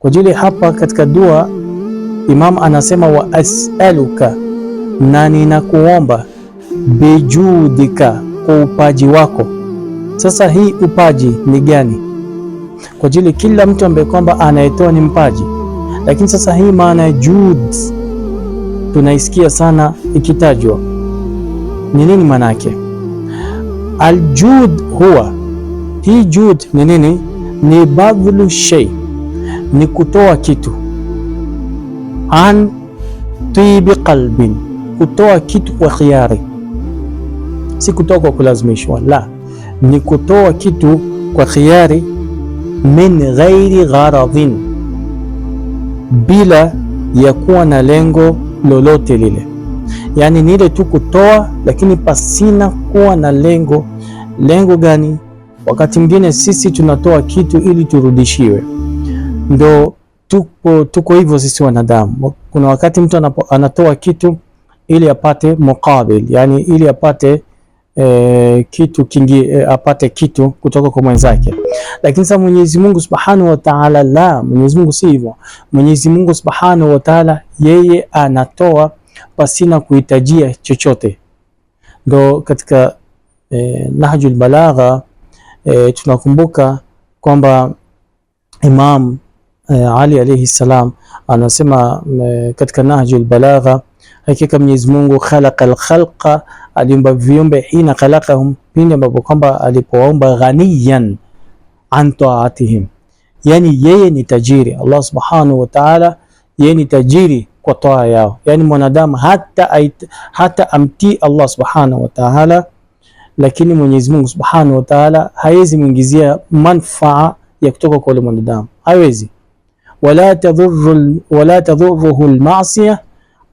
Kwa ajili hapa katika dua Imam anasema wa as'aluka, na ninakuomba bijudika, kwa upaji wako. Sasa hii upaji ni gani? Kwa ajili kila mtu ambaye kwamba anayetoa ni mpaji, lakini sasa hii maana ya jud tunaisikia sana ikitajwa, ni nini maana yake? Aljud huwa hii jud ni nini? Ni badhlu shay ni kutoa kitu an tibi qalbin, kutoa kitu kwa khiari, si kutoa kwa kulazimishwa. La, ni kutoa kitu kwa khiari, min ghairi gharadhin, bila ya kuwa na lengo lolote lile. Yani ni ile tu kutoa, lakini pasina kuwa na lengo. Lengo gani? Wakati mwingine sisi tunatoa kitu ili turudishiwe ndo tuko, tuko hivyo sisi wanadamu. Kuna wakati mtu anapo, anatoa kitu ili apate muqabil, yani ili apate e, kitu kingi e, apate kitu kutoka kwa mwenzake. Lakini sasa Mwenyezi Mungu Subhanahu wa Ta'ala, la, Mwenyezi Mungu si hivyo. Mwenyezi Mungu Subhanahu wa Ta'ala yeye anatoa pasina kuhitajia chochote. Ndo katika e, Nahjul Balagha e, tunakumbuka kwamba Imam Eh, Ali alayhi salam anasema eh, katika Nahjul Balagha, hakika Mwenyezi Mungu khalaqal khalqa, aliumba viumbe hina khalaqahum, pindi ambapo kwamba alipowaumba ghaniyan an taatihim, yani yeye ni tajiri. Allah subhanahu wa ta'ala, yeye ni tajiri kwa toa yao, yani mwanadamu hata, hata amtii Allah subhanahu wa ta'ala, lakini Mwenyezi Mungu subhanahu wa ta'ala haezi mwingizia manfaa ya kutoka kwa yule mwanadamu, hawezi ولا تضر ولا تضره المعصية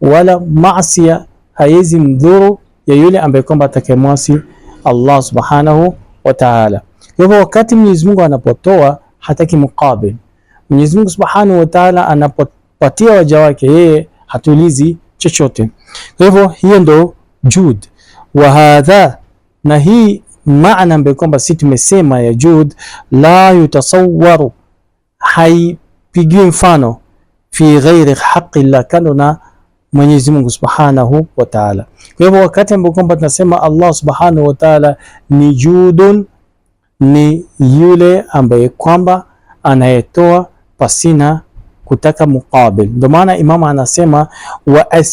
wala maasi haiwezi mdhuru ya yule ambaye kwamba atakayemwasi Allah subhanahu wa ta'ala. Kwa hivyo wakati Mwenyezi Mungu anapotoa hataki mukabili. Mwenyezi Mungu subhanahu wa ta'ala anapopatia waja wake, yeye hatulizi chochote. Kwa hivyo hiyo ndo jud wa hadha, na hii maana ambayo kwamba si tumesema ya jud la yutasawaru hai pigiwe mfano fi ghairi haqqi la, kando na Mwenyezi Mungu Subhanahu wa Ta'ala. Kwa hivyo wakati ambapo kwamba tunasema Allah Subhanahu wa Ta'ala ni judun, ni yule ambaye kwamba anayetoa pasina kutaka mukabil, Ndio maana imama anasema wa